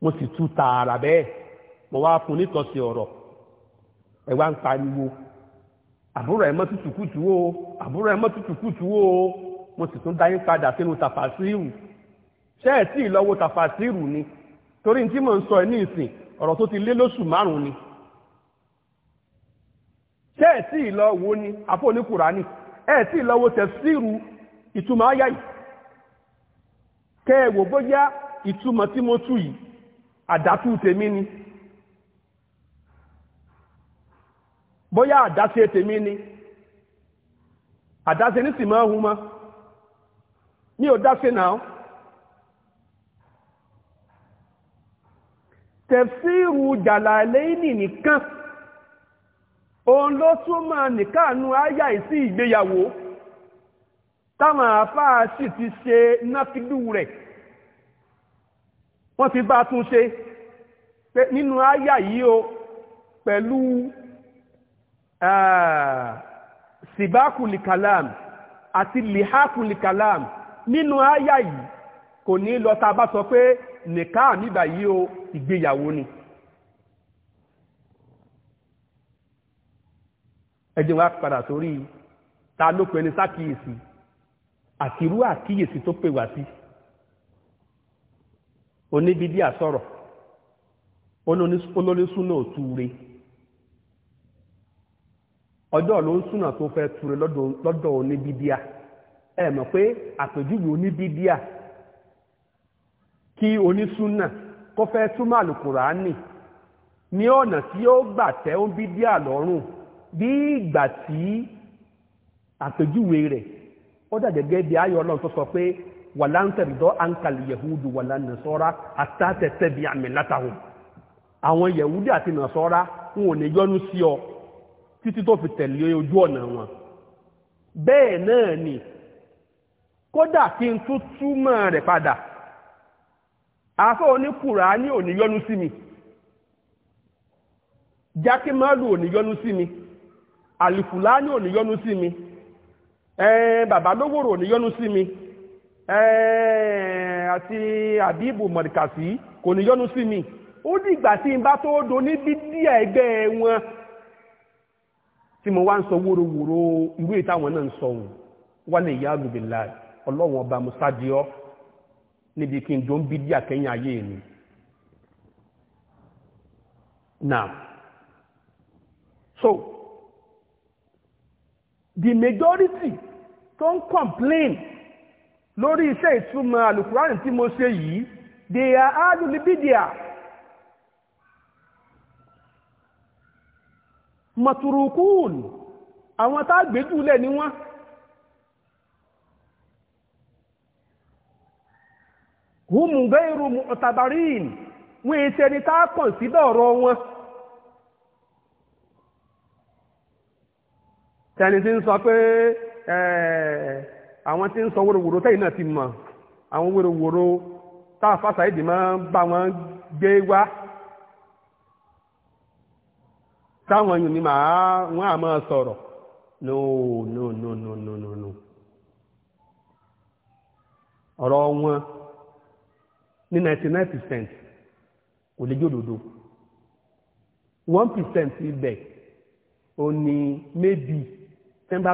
mo sì tú tààrà bẹ́ẹ̀ mo wá fún nítòsí ọ̀rọ̀ ẹ wá ń pariwo àbúrò ẹ mọ́ tutù kùtù o àbúrò ẹ mọ́ tutù kùtù o mo sì tún dáyé padà sínú tàfàṣírù ṣé ìlọ́wọ́ tàfàṣírù ni torí tí mò ń sọ ẹ ní ìsìn ọ̀rọ̀ tó ti lé lóṣù márùn-ún ni ṣé ẹ ìlọ́wọ́ ni àfọ̀nìkùránì ẹ tí ìlọ́wọ́ tẹ̀síìrù ìtumọ̀ ayáyì kẹ́ ẹ wò bóyá ìtumọ̀ tí mo tú yìí àdátù tèmi ni bóyá àdáṣe tèmi ni àdáṣe ní sì máa hun mọ́ ní ò dáṣe náà tẹ̀síìrù jàlàlẹ́yìnì nìkan òun ló túmọ̀ nìkanu áyà ìsí ìgbéyàwó táwọn àfáà sì ti ṣe náfídú rẹ̀ wọ́n ti bá tún ṣe pé nínú àyà yìí o pẹ̀lú sibákùlìkàlám àti lìhákùlìkàlám nínú àyà yìí kò ní lọ tá a bá sọ pé nìka àmìbà yìí o ìgbéyàwó ni. ẹ jẹ́ wá padà sórí ta ló pe ní sákìyèsí àtirú àkíyèsí tó pè wá sí. onibidia àsọ̀rọ̀ olónísúnà ò túure ọjọ́ ló ń súnà tó fẹ́ túure lọ́dọ̀ oníbídíà ẹ mọ̀ pé àpèjúwe oníbídíà kí onísúnà kó fẹ́ túmọ̀ àlùkùránì ní ọ̀nà tí ó gbà tẹ́ ó bídíà lọ́rùn bí ìgbà tí àpèjúwe rẹ̀ ó wàlántẹ̀rìdọ́ ankal yahudu wàlá nasọ́ra àtàtẹ̀tẹ̀ bíi àmìlátàhùn àwọn yahudu àti nasọ́ra ń ò ní yọnu sí ọ títí tó fi tẹ̀lé ojú ọ̀nà wọn bẹ́ẹ̀ náà ni kódà kí n tún túmọ̀ rẹ̀ padà afẹ́ oníkùrà ní ò ní yọnu sí mi jákèmálù ò ní yọnu sí mi àlìfùlá ní ò ní yọnu sí mi ẹ̀ẹ́n bàbá lówòrò yọnu sí mi. àti àbíbù mọ̀dìkàsí kò ní yọ́nú sí mi ó dìgbà tí n bá tó do ẹgbẹ́ wọn tí mo wá ń sọ ìwé náà ń wà àgùbìlà ọba níbi kí n jọ ń ayé so the majority don complain lórí iṣẹ́ ìtumọ̀ alukurani tí mo ṣe yìí di alulibidia maturukun àwọn tá a ni wọ́n humu gairu mu'tabarin wọ́n èsì ẹni tá kàn sí dọ̀rọ̀ wọn tẹni tí ń eh, àwọn tí ń sọ wòròwòrò tẹ́yìn náà ti mọ̀ àwọn wòròwòrò táà fásàídì máa ń bá wọn gbé wá táwọn èèyàn ni màá wọn à máa sọ̀rọ̀ no no no no no no no ọ̀rọ̀ wọn ní 99 percent kò lè jòdòdó 1 percent ibẹ̀ ò ní maybe tẹ́ bá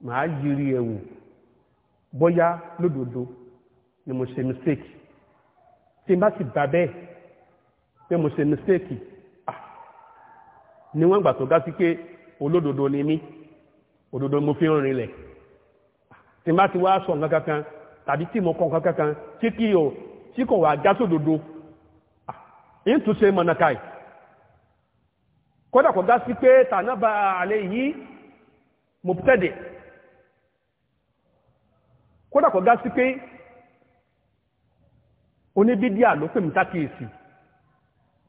màá yiri ẹ̀ wò bóyá lódodo ni mo ṣe mistake tí n bá sì bá bẹ́ẹ̀ pé mo ṣe mistake ah, ni wọ́n gbà tó dá sí pé olódodo ni mí òdodo mo fi ń rinlẹ̀ ah, tí n bá ti wá sọ nǹkan kankan tàbí tí mo kọ nǹkan kankan tí kì í o tí kò wá já sódodo ń ah, tún ṣe mọ̀nàkàì kódà kò dá sí pé tànàbà àlẹ́ yìí mo tẹ̀dẹ̀ kódà kọ̀ gá sí pé oníbídíà ló pè mí sákìyèsí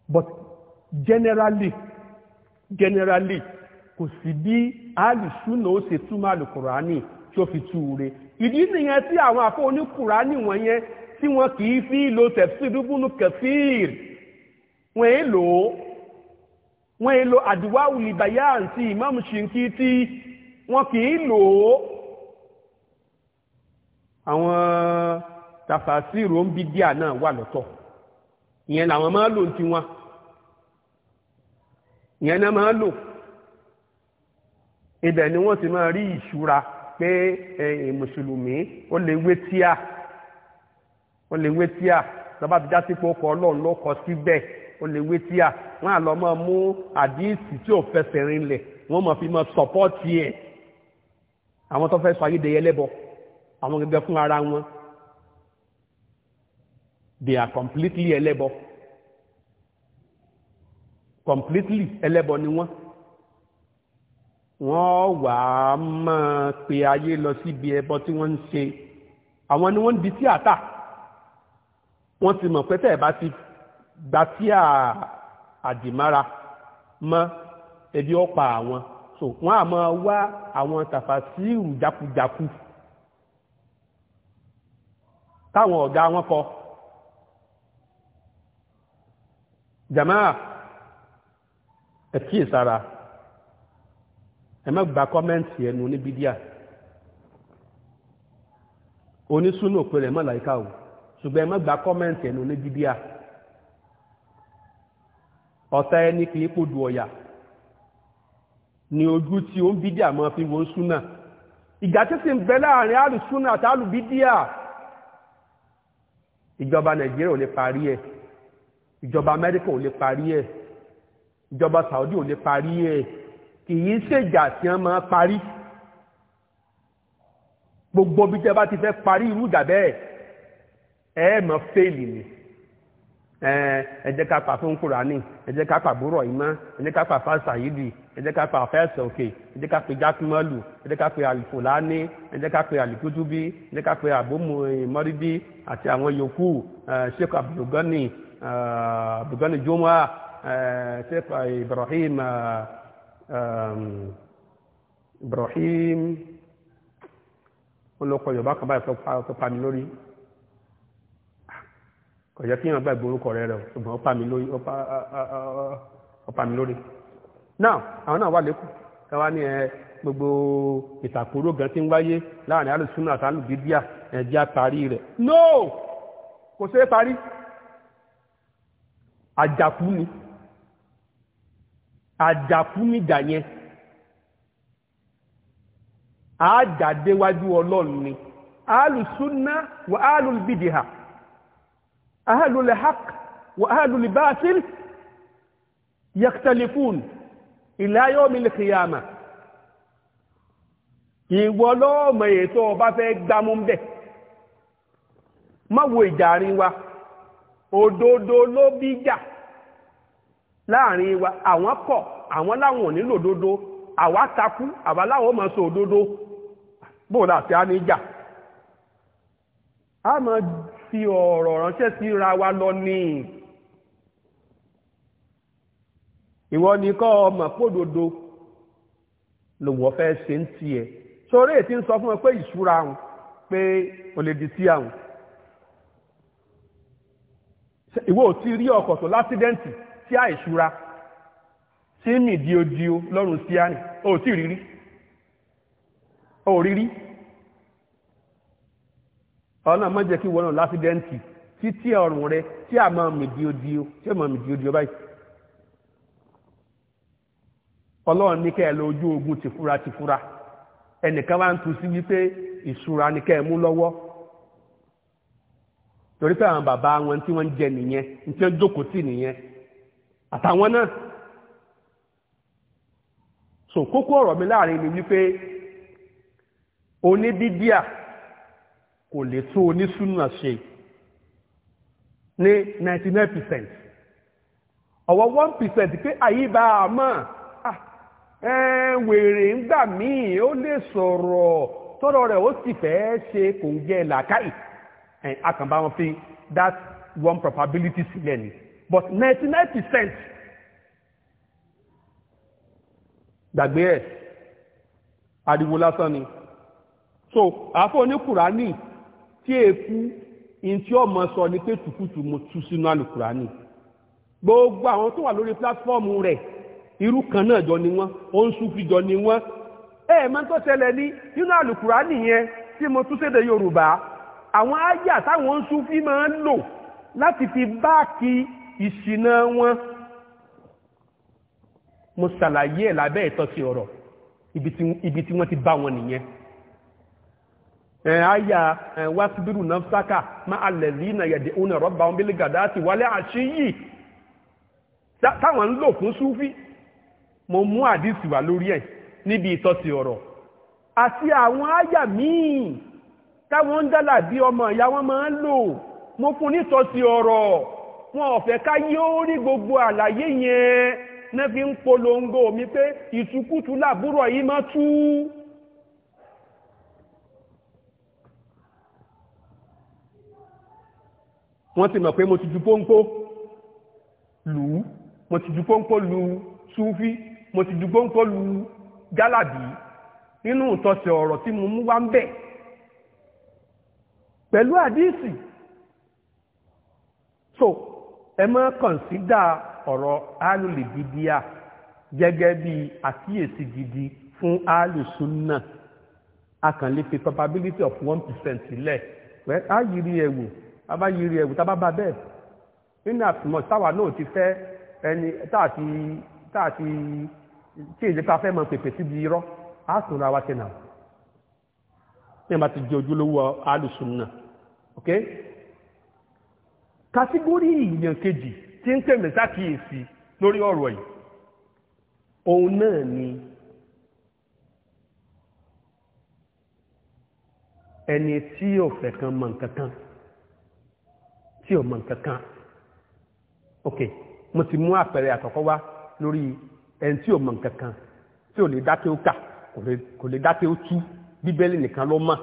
but generally generally kò sí bí alìsúnà ó ṣe túmọ̀ alùkùránì tí ó fi tú ure ìdí nìyẹn tí àwọn àfọ oníkùránì wọn yẹn tí wọn kì í fi lo tẹfsírù búnú kẹfíìr wọn èé lò ó wọn èé lo àdìwáwù ìbàyà àǹtí ìmáàmù tí wọn kì í lò ó àwọn tàfàṣìrò ń bí díà náà wà lọ́tọ̀ ìyẹn làwọn máa lò ti wọn ìyẹn náà máa lò ibẹ̀ ni wọ́n ti máa rí ìṣúra pé ẹ̀yìn mùsùlùmí ó lè wé tíà ó lè wé tíà lọ́ba ti já sí pé ó kọ ọlọ́run ló kọ síbẹ̀ ó lè wé tíà wọ́n á lọ máa mú àdíìsì tí ò fẹsẹ̀ rinlẹ̀ wọ́n máa fi máa sọ̀pọ́ọ̀tì ẹ̀ àwọn tó fẹ́ sọ ayédèyẹ lẹ́bọ̀ọ́ àwọn gẹ́gẹ́ fún ara wọn they are completely ẹlẹ́bọ completely ẹlẹ́bọ ni wọ́n wọ́n wà á máa pe ayé lọ síbi ẹbọ tí wọ́n ń ṣe àwọn ni wọ́n ń di tíátà wọ́n ti mọ̀ pé tẹ̀ bá ti gba tí àdìmára mọ́ ebi ọ̀pá àwọn so wọ́n á máa wá àwọn tàfàṣírù jákujáku táwọn ọ̀gá wọn kọ jamaa ẹ kíyè sára ẹ má gba kọ́mẹ́ǹtì ẹnu níbi díà onísúnú òpin rẹ̀ mọ́ làyíká o ṣùgbọ́n ẹ má gba kọ́mẹ́ǹtì ẹnu níbi díà ọ̀tá ẹni kì í kódù ọ̀yà ni ojú tí ó ń bídíà máa fi wo súnà ìgbà tí sì ń bẹ láàrin alùsúnà àtàlùbídíà ìjọba nàìjíríà ò lè parí ẹ̀ ìjọba amẹ́ríkà ò lè parí ẹ̀ ìjọba saudi ò lè parí ẹ̀ kì í ṣèjà tí wọ́n máa parí gbogbo bí tẹ́ ti fẹ́ parí irú ìjà bẹ́ẹ̀ ẹ̀ fẹ́ẹ̀lì ni ẹ jẹ́ ká pa fún kúránì ẹ jẹ́ ká pa búrọ̀ ìmọ̀ ẹ jẹ́ ká pa fásayídì ẹ jẹ́ ká pa fẹ́ẹ̀sì òkè ẹ jẹ́ ká pe jákúmọ́lù ẹ jẹ́ ká pe àlùfòlání ẹ jẹ́ ká pe àlùkútúbí ẹ jẹ́ ká pe àbómọ́ríbí àti àwọn yòókù sheikh abdulgani abdulgani juma sheikh ibrahim ibrahim olùkọ́ yorùbá kan báyìí tó pa mí lórí kò yẹ kí èèyàn gbàgbé orúkọ rẹ rẹ o ṣùgbọ́n ó pa mi lórí ó pa mi lórí now àwọn náà wà lẹ́kọ̀ọ́ káwá ní ẹ gbogbo ìtàkùrọ̀ gan tí ń wáyé láàrin alùsùnà àti alùbídíà ẹ̀jẹ̀ parí rẹ̀ no kò ṣeé parí àjàkú ni àjàkú níjà yẹn àjàdéwájú ọlọ́run ni alùsùnà wà ahlu lhaq wa ahlu lbatil yakhtalifun ila yomi lkhiyama ìwọ lọ́ọ̀mọ̀ ètò ọba fẹ́ gbámú bẹ̀ má wo ìjàrin wa òdodo ló bí jà láàrin wa àwọn kọ àwọn láwọn ò ní lòdodo àwa takú àwa láwọn ọmọ sọ òdodo bó o láti á ní jà. fi ọ̀rọ̀ ránṣẹ́ síra wa lọ ni ìwọ ni kọ́ ọmọ pódodo lòwọ́ fẹ́ ṣe ń tiẹ̀ sórí ètí ń sọ fún ẹ pé ìṣúra àwọn pé o lè di sí àwọn ìwọ ò ti rí ọkọ̀ tó lásídẹ́ǹtì tí àìṣúra tí mìdíodío lọ́rùn síárì ò tí rírí ò rírí ọ̀nà má jẹ́ kí wọ́n náà lásìdẹ́ǹtì títí ọ̀rùn rẹ tí a máa mì díodío tí a máa mì báyìí. ọlọ́run ní kẹ́ ẹ lọ ojú ogun tìfura tìfura ẹnìkan wá ń tu sí wípé ìṣúra ni kẹ́ ẹ mú lọ́wọ́ torí pé àwọn bàbá wọn tí wọ́n ń jẹ nìyẹn ní tí wọ́n jókòó nìyẹn àtàwọn náà so kókó ọ̀rọ̀ mi láàrin ni wípé oníbíbíà kò lè tó onísùnà ṣe ní 99% ọ̀wọ́ 1% pé àyíbá àmọ́ wèrè ń gbà míì ó lè sọ̀rọ̀ tọ́rọ rẹ̀ ó sì fẹ́ ṣe kò ń jẹ́ làákàì akànbá wọn fi that one probability sílẹ̀ ni but 99% gbàgbé ẹ̀ ariwo lásán ni so àfọ oníkùrá ní tí èkú in tí ọmọ sọ ni pé tùkùtù mo tú sínú alukurani gbogbo àwọn tó wà lórí pílátífọ́ọ̀mù rẹ̀ irú kan náà jọ ni wọ́n ó ń súnfì jọ ni wọ́n ẹ mọ tó ṣẹlẹ̀ ní nínú alukurani yẹn tí mo tú sédè yorùbá àwọn àyà táwọn ń súnfì máa ń lò láti fi báàkì ìṣìnà wọn mo ṣàlàyé ẹ̀ lábẹ́ ìtọ́sí ọ̀rọ̀ ibi tí wọ́n ti bá wọn nìyẹn àyà wàsíbírù nafsaka má alẹ̀lí na yẹ̀dẹ̀ òun ẹ̀rọ bá wọn bí lẹ́gàdá àti wálé àṣeyí táwọn ń lò fún súfí mo mú àdìsí wá lórí ẹ̀ níbi ìtọ́sí ọ̀rọ̀ àti àwọn àyà míì táwọn ń dálà bí ọmọ ìyá wọn máa ń lò mo fún nítọ́sí ọ̀rọ̀ wọn ọ̀fẹ́ ká yóò rí gbogbo àlàyé yẹn náà fi ń polongo mi pé ìtukùtù làbúrò yìí máa tú wọ́n ti mọ̀ pé mo ti ju pọ́ńpó lù ú mo ti ju pọ́ńpó lu súfí mo ti ju pọ́ńpó lu gálàbí nínú ìtọ́sẹ̀ ọ̀rọ̀ tí mo mú wá ń bẹ̀ pẹ̀lú àdíìsì so ẹ máa kọ̀ǹsídà ọ̀rọ̀ alùlìbìdíà gẹ́gẹ́ bí àkíyèsí gidi fún alùsùnà a kàn lè fi probability of one percent sílẹ̀ pẹ́ á yiri ẹ̀ wò bá yiri ẹ̀wù tá bá ba bẹ́ẹ̀ nínú àtìmọ̀ táwa náà ti fẹ́ ẹni táàtì táàtì tí èdè tá fẹ́ mọ pèpè síbi irọ́ á sùn ra wa tẹ̀nà ní ìbá ti jẹ́ ojúlówó alùsùn náà ok kàtígórì ìyàn kejì tí ń pèmí sákìyèsí lórí ọ̀rọ̀ yìí òun náà ni ẹni tí ò fẹ́ kan mọ̀ nǹkan kan tí ò mọ̀ nǹkan kan ok mo ti mú àpẹẹrẹ àkọ́kọ́ wá lórí ẹni tí ò mọ̀ nǹkan kan tí ò lè dá tí ó kà kò lè dá tí ó tú bíbélì nìkan ló mọ̀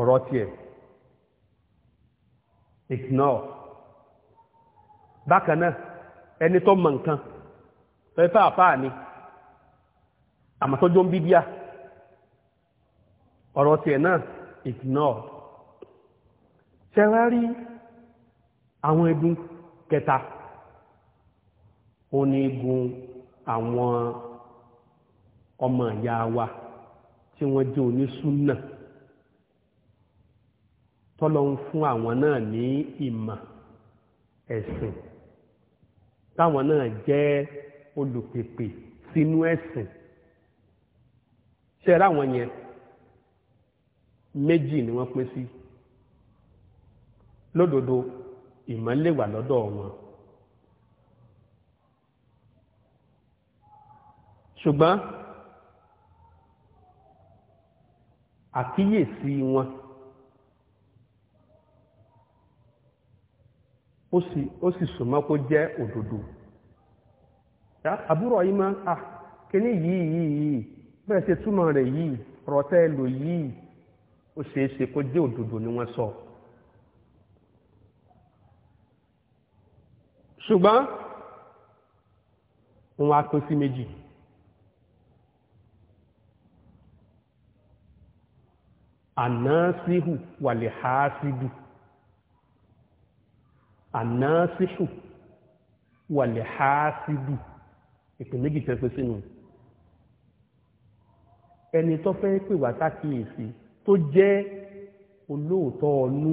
ọ̀rọ̀ tiẹ̀ ignore bákan náà ẹni tó mọ̀ nǹkan fẹ́fẹ́ àfáà ni àmọ́tọ́jọ́ ń bíbíà ọ̀rọ̀ tiẹ̀ náà ignore ṣẹwárí àwọn egun kẹta ó ní egun àwọn ọmọ ìyá wa tí wọ́n jẹ́ onísúnà tọ́lọ́ ń fún àwọn náà ní ìmọ̀ ẹ̀sìn táwọn náà jẹ́ olùpèpè sínú ẹ̀sìn ṣẹ́ra àwọn yẹn méjì ni wọ́n pín sí. Si lódodo ìmọ̀ lè lọ́dọ̀ wọn ṣùgbọ́n àkíyèsí wọn ó sì ó sì súnmọ́ kó jẹ́ òdòdó? àbúrò yìí máa à kíní yìí yìí bẹ́ẹ̀ ṣe túmọ̀ rẹ̀ yìí rọ̀tẹ́ lò yìí ó ṣeé ṣe kó jẹ́ òdodo ni wọ́n sọ. So. ṣùgbọ́n òun á pín sí méjì ànásíhù wàlẹ̀ hásídù ànásíhù wàlẹ̀ hásídù ìpè méjì tẹ́ pé sínú ẹni tó fẹ́ pè wá sákìyèsí tó jẹ́ olóòótọ́ ọ̀nú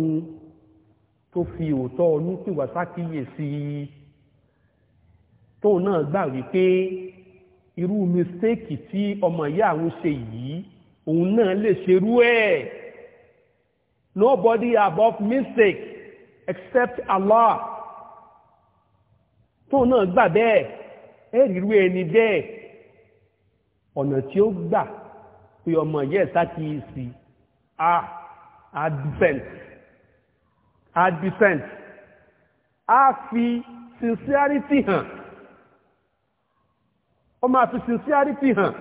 tó fi òótọ́ ọnú pè wá sákìyèsí tóun náà gbà wípé irú mistake tí ọmọ ìyá àwọn ṣe yìí òun náà lè ṣerú ẹ̀ nobody above mistake except Allah tóun náà gbà bẹ́ẹ̀ ẹ̀ rírú ẹni bẹ́ẹ̀ ọ̀nà tí ó gbà pé ọmọ ìyá ẹ̀ sákìyèsí a ah, advent at sent. a fi sincerity hàn ó máa fi sincerity hàn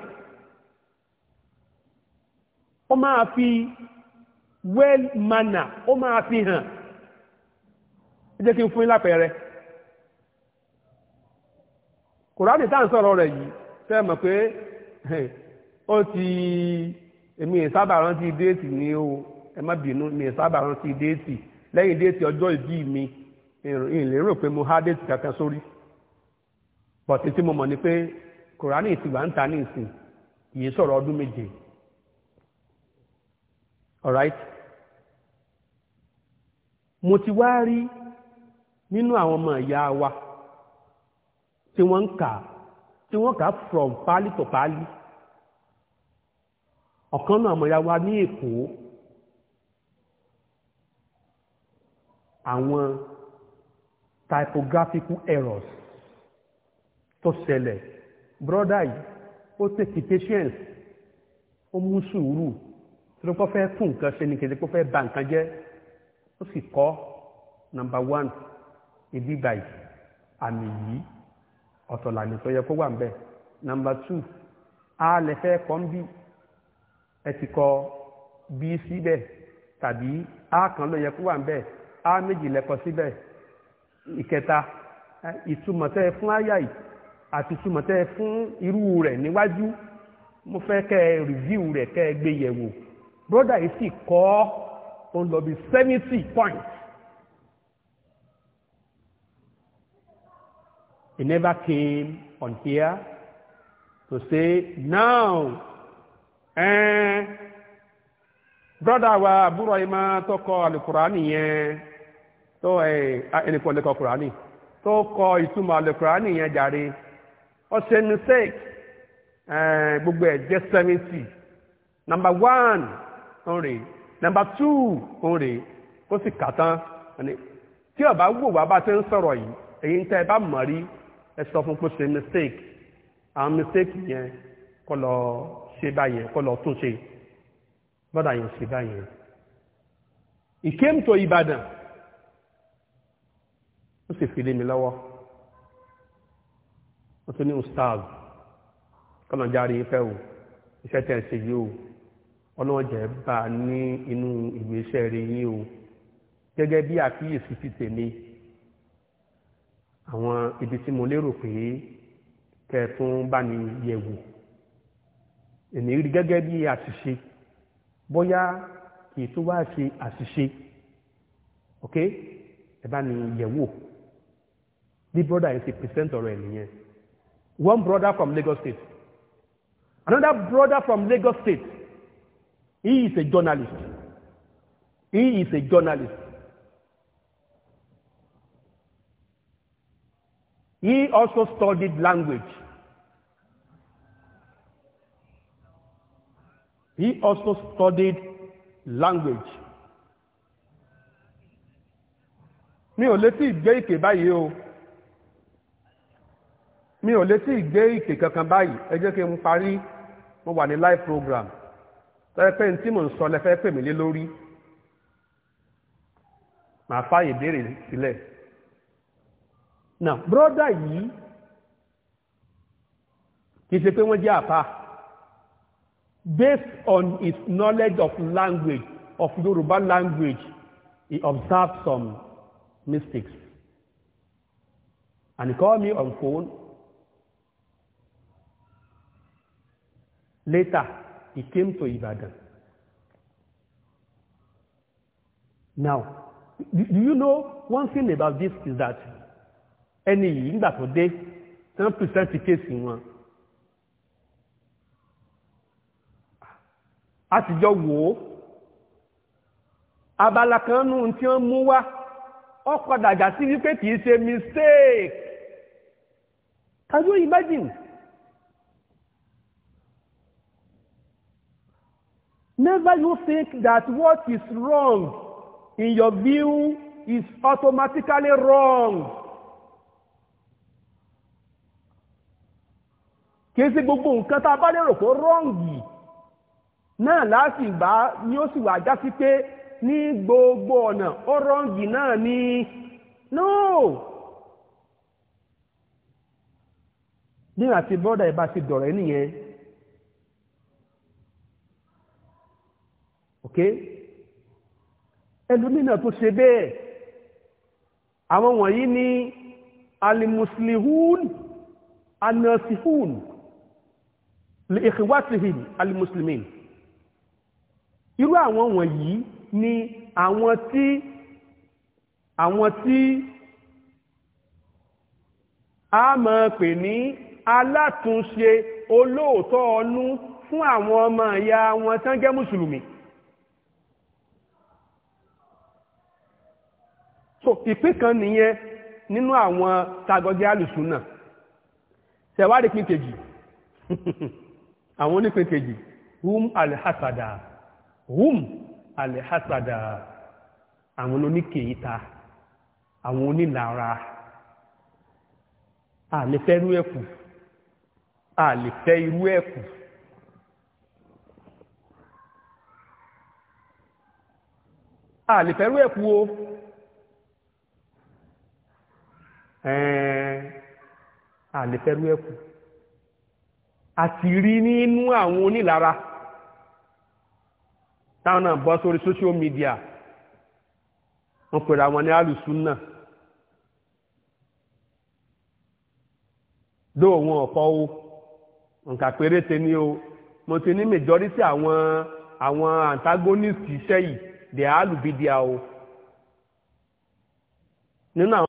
ó máa fi well manner ó máa fi hàn ẹ jẹ́ kí n fún yín lápẹẹrẹ kùránì tá à ń sọ̀rọ̀ rẹ̀ yìí fẹ́ mọ̀ pé ó ti èmi ìsábà rántí déètì ni ó ẹ má bínú mi ìsábà rántí déètì lẹ́yìn déètì ọjọ́ ìbí mi ìlérò pé mo há déètì kankan sórí bọ̀tí tí mo mọ̀ ni pé kòránì ti wà ń ta ní ìsìn kìí sọ̀rọ̀ ọdún méje alright mo ti wá rí nínú àwọn ọmọ ìyá wa tí wọ́n ń kà tí wọ́n kà from pálí tó pálí ọ̀kan náà ọmọ ìyá wa ní Èkó àwọn typographical errors tó ṣẹlẹ̀ broda yìí ó take patience ó mú sùúrù tí wọ́n fẹ́ fún nǹkan ṣe ní kejì pé ó fẹ́ bà nǹkan jẹ́ ó sì kọ́ number one ibi báyìí àmì yìí ọ̀tọ̀ làmì tó yẹ kó wà níbẹ̀ number two a lè fẹ́ kọ́ ń bí ẹ ti kọ bí síbẹ̀ tàbí a kan ló yẹ kó wà níbẹ̀ á méjì lẹ́kọ̀ síbẹ̀ ìkẹta ìtumọ̀ tẹ́ ẹ fún àyà yìí àti ìtumọ̀ fún irú rẹ̀ níwájú mo fẹ́ kẹ́ ẹ rìvíw rẹ̀ kẹ́ ẹ gbé yẹ̀wò broda yìí sì kọ́ ó ń lọ bí seventy points he never came on here to say now eh, broda wa àbúrò ẹ̀ máa tọkọ alukurani yẹn. tó ẹnìkan lè kọ kùránì tó kọ ìtumọ̀ àlè kùránì yẹn jàre ọ̀sẹ̀ ní sẹ́ẹ̀kì gbogbo ẹ̀ jẹ́ seventy number one ń rè number two ń rè kó sì kà tán tí ọba wò wá bá ti ń sọ̀rọ̀ yìí èyí ń tẹ́ ẹ bá mọ̀ rí ẹ fún pé ṣe mistake àwọn mistake yẹn kọ́ lọ ṣe báyẹn kọ́ lọ tún ṣe bọ́dà yẹn ṣe báyẹn. He came to Ibadan ó sì fi lé mi lọ́wọ́ ó tún ní ustaz kọ́nà járe fẹ́ o iṣẹ́ tẹ̀ ń ṣe yìí o ọlọ́ọ̀jẹ̀ bá a ní inú ìgbésẹ̀ rẹ̀ yín o gẹ́gẹ́ bí àkíyèsí ti tèmi àwọn ibi tí mo lérò pé kẹtún bá ní yẹ̀wò èmi rí gẹ́gẹ́ bí àṣìṣe bóyá kì í tún wá ṣe àṣìṣe ok ẹ bá ní yẹ̀wò. The brother is ti presenter, ọ̀rọ̀ ẹ̀ one brother from Lagos State another brother from Lagos State he is a journalist he is a journalist he also studied language he also studied language mi ò lè tí ì gbé ìpè báyìí o mi ò létí ìgbé ìpè kankan báyìí ẹ jẹ́ kí n parí mo wà ní live program tọ́yẹ pé ní tí mò ń sọ lẹ́fẹ́ pè mí lé lórí màá fààyè béèrè sílẹ̀ náà bírọ́dà yìí kì í ṣe pé wọ́n jẹ́ àpá based on his knowledge of language of Yoruba language he observed some mistakes and he called me on phone Later, he came to Ibadan. Now, do you know one thing about this is that ẹni yìí nígbà tó dé wọ́n present case wọn. a sì jọ wò ó abala kan nù tí wọ́n mú wá ọkọ̀ dàjà sí wípé kì í ṣe mistake. Can you imagine? Never you think that what is wrong in your view is automatically wrong. Kìí sí gbogbo nǹkan tá a bá lérò pé wrong náà láti ìgbà ni ó sì wà já pé ní gbogbo ọ̀nà ó wrong náà ni no. Bí àti bọ́dà ìbá ti dọ̀rẹ́ nìyẹn. ok ẹlòmínà tó ṣe bẹ́ẹ̀ àwọn wọ̀nyí ni alimuslihun anasihun li ikhwatihim alimuslimin irú àwọn wọ̀nyí ni àwọn tí àwọn tí a mọ̀ pè ní alátúnṣe olóòtọ́ ọnú fún àwọn ọmọ ìyá wọn tán jẹ́ mùsùlùmí so ìpín kan nìyẹn nínú àwọn tagọjẹ alùsùnà tẹwádìí pín kejì àwọn onípín kejì hum alhasada hum alhasada àwọn oníkèéta àwọn onílara àlefẹ́ irú ẹ̀kù àlefẹ́ irú ẹ̀kù àlefẹ́ irú ẹ̀kù o. àlefẹ́rú ẹ̀kú àti rí nínú àwọn onílára. táwọn náà bọ́ sórí social media wọ́n pèrè àwọn ní alùsùn náà dó wọn ọ̀pọ̀ o nǹkan péréte ni o mo ti ní majority àwọn àwọn antagonist iṣẹ́ yìí dẹ̀ o